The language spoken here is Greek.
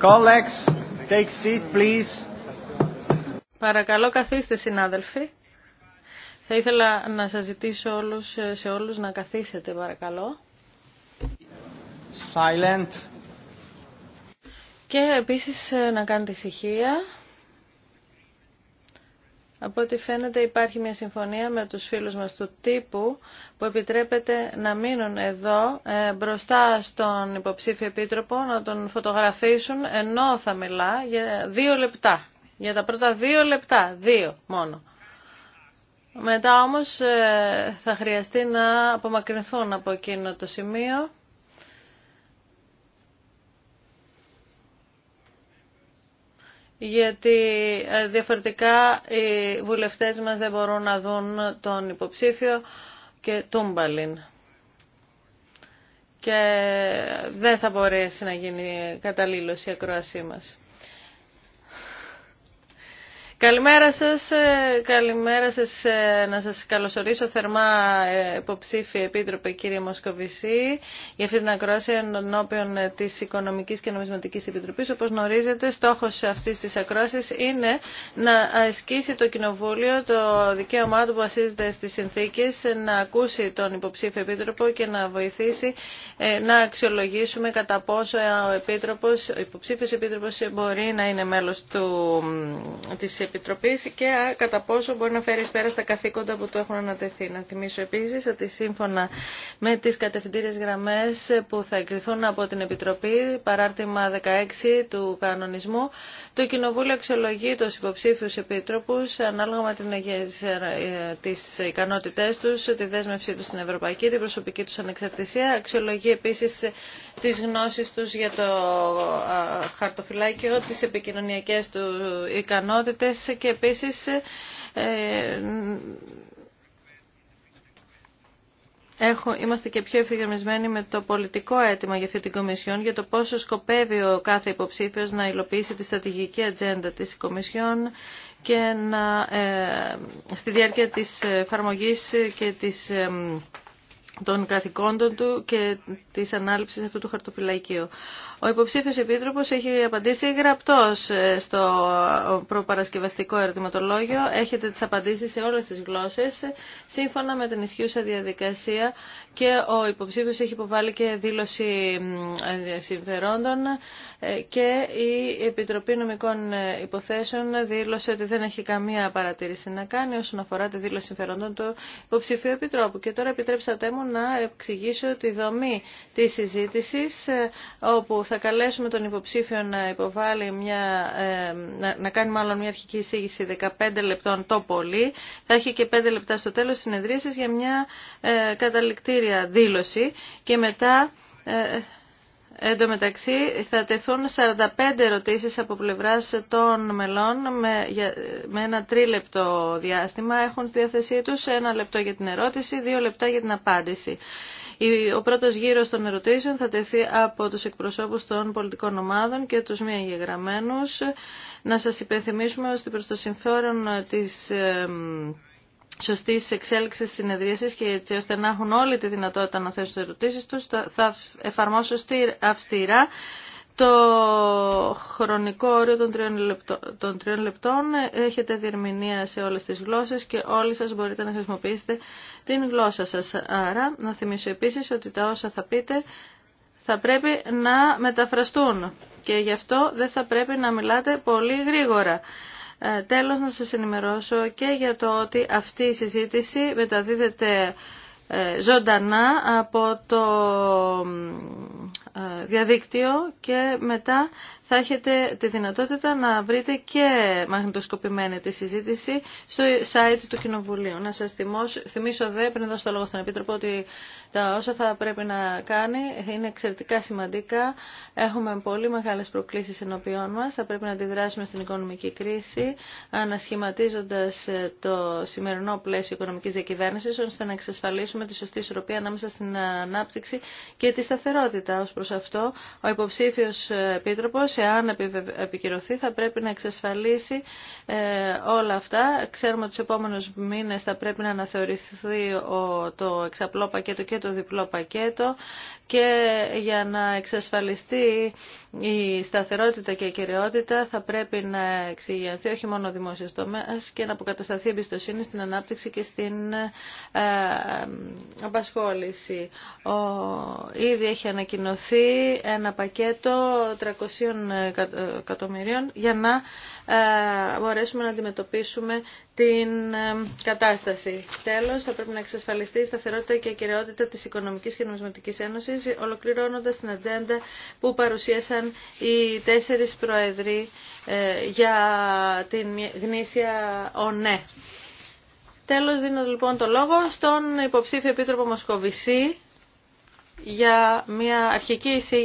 take seat, please. Παρακαλώ καθίστε συνάδελφοι. Θα ήθελα να σας ζητήσω όλους, σε όλους να καθίσετε παρακαλώ. Silent. Και επίσης να κάνετε ησυχία. Από ό,τι φαίνεται υπάρχει μια συμφωνία με τους φίλους μας του τύπου που επιτρέπεται να μείνουν εδώ ε, μπροστά στον υποψήφιο επίτροπο να τον φωτογραφίσουν ενώ θα μιλά για δύο λεπτά. Για τα πρώτα δύο λεπτά, δύο μόνο. Μετά όμως ε, θα χρειαστεί να απομακρυνθούν από εκείνο το σημείο. γιατί ε, διαφορετικά οι βουλευτές μας δεν μπορούν να δουν τον υποψήφιο και τούμπαλιν. Και δεν θα μπορέσει να γίνει καταλήλωση η ακρόασή μας. Καλημέρα σας, ε, καλημέρα σας, ε, να σας καλωσορίσω θερμά ε, υποψήφια επίτροπε κύριε Μοσκοβισή για αυτή την ακρόαση ενώπιον της Οικονομικής και Νομισματικής Επιτροπής. Όπως γνωρίζετε, στόχος αυτής της ακρόασης είναι να ασκήσει το Κοινοβούλιο το δικαίωμά του που βασίζεται στις συνθήκες, να ακούσει τον υποψήφιο επίτροπο και να βοηθήσει να αξιολογήσουμε κατά πόσο ο, ο υποψήφιος επίτροπος μπορεί να είναι μέλος του της επιτροπή και κατά πόσο μπορεί να φέρει πέρα στα καθήκοντα που του έχουν ανατεθεί. Να θυμίσω επίσης ότι σύμφωνα με τις κατευθυντήριες γραμμές που θα εγκριθούν από την Επιτροπή, παράρτημα 16 του κανονισμού, το Κοινοβούλιο αξιολογεί τους υποψήφιους επιτρόπους ανάλογα με ε, τις ικανότητές τους, τη δέσμευσή τους στην Ευρωπαϊκή, την προσωπική τους ανεξαρτησία. Αξιολογεί επίσης τις γνώσεις τους για το χαρτοφυλάκιο, τις επικοινωνιακές του ικανότητες, και επίσης ε, Έχω, είμαστε και πιο ευθυγραμμισμένοι με το πολιτικό αίτημα για αυτή την Κομισιόν για το πόσο σκοπεύει ο κάθε υποψήφιος να υλοποιήσει τη στρατηγική ατζέντα της Κομισιόν και να, ε, στη διάρκεια της εφαρμογή και της ε, των καθηκόντων του και της ανάληψης αυτού του χαρτοφυλακίου. Ο υποψήφιος επίτροπος έχει απαντήσει γραπτός ε, στο προπαρασκευαστικό ερωτηματολόγιο. Έχετε τις απαντήσεις σε όλες τις γλώσσες σύμφωνα με την ισχύουσα διαδικασία και ο υποψήφιος έχει υποβάλει και δήλωση συμφερόντων ε, και η Επιτροπή Νομικών ε, Υποθέσεων δήλωσε ότι δεν έχει καμία παρατήρηση να κάνει όσον αφορά τη δήλωση συμφερόντων του υποψηφίου επιτρόπου. Και τώρα επιτρέψατε μου να εξηγήσω τη δομή της συζήτηση, ε, όπου θα καλέσουμε τον υποψήφιο να υποβάλει μια, ε, να κάνει μάλλον μια αρχική εισήγηση 15 λεπτών το πολύ. Θα έχει και 5 λεπτά στο τέλος τη συνεδρίασης για μια ε, καταληκτήρια δήλωση και μετά Εν τω μεταξύ θα τεθούν 45 ερωτήσεις από πλευράς των μελών με, με ένα τρίλεπτο διάστημα. Έχουν στη διάθεσή τους ένα λεπτό για την ερώτηση, δύο λεπτά για την απάντηση. Ο πρώτος γύρος των ερωτήσεων θα τεθεί από τους εκπροσώπους των πολιτικών ομάδων και τους μη εγγεγραμμένους. Να σας υπενθυμίσουμε ότι προς το συμφέρον της σωστή εξέλιξη τη συνεδρίαση και έτσι ώστε να έχουν όλη τη δυνατότητα να θέσουν τι ερωτήσει του, θα εφαρμόσω αυστηρά το χρονικό όριο των τριών, λεπτών, των τριών λεπτών. Έχετε διερμηνία σε όλες τις γλώσσες και όλοι σας μπορείτε να χρησιμοποιήσετε την γλώσσα σας. Άρα, να θυμίσω επίσης ότι τα όσα θα πείτε θα πρέπει να μεταφραστούν και γι' αυτό δεν θα πρέπει να μιλάτε πολύ γρήγορα. Ε, τέλος, να σας ενημερώσω και για το ότι αυτή η συζήτηση μεταδίδεται ε, ζωντανά από το διαδίκτυο και μετά θα έχετε τη δυνατότητα να βρείτε και μαγνητοσκοπημένη τη συζήτηση στο site του Κοινοβουλίου. Να σας θυμώσω, θυμίσω δε πριν δώσω το λόγο στον Επίτροπο ότι τα όσα θα πρέπει να κάνει είναι εξαιρετικά σημαντικά. Έχουμε πολύ μεγάλες προκλήσεις ενώπιόν μας. Θα πρέπει να αντιδράσουμε στην οικονομική κρίση ανασχηματίζοντας ε, το σημερινό πλαίσιο οικονομικής διακυβέρνησης ώστε να εξασφαλίσουμε τη σωστή ισορροπία ανάμεσα στην ανάπτυξη και τη σταθερότητα ως προς αυτό ο υποψήφιος ε, επίτροπος, εάν επικυρωθεί, θα πρέπει να εξασφαλίσει ε, όλα αυτά. Ξέρουμε ότι τους επόμενους μήνες θα πρέπει να αναθεωρηθεί το εξαπλό πακέτο και το διπλό πακέτο και για να εξασφαλιστεί η σταθερότητα και η κυριότητα θα πρέπει να εξηγιανθεί όχι μόνο ο δημόσιος τομέας και να αποκατασταθεί εμπιστοσύνη στην ανάπτυξη και στην ε, απασχόληση. Ο, ήδη έχει ανακοινωθεί ένα πακέτο 300 εκατομμυρίων για να ε, μπορέσουμε να αντιμετωπίσουμε την ε, κατάσταση. Τέλος, θα πρέπει να εξασφαλιστεί η σταθερότητα και η κυριότητα της Οικονομικής και Νομισματικής Ένωσης, ολοκληρώνοντας την ατζέντα που παρουσίασαν οι τέσσερις προεδροί ε, για την γνήσια ΟΝΕ. Τέλος δίνω λοιπόν το λόγο στον υποψήφιο επίτροπο Μοσκοβισή για μια αρχική εισήγηση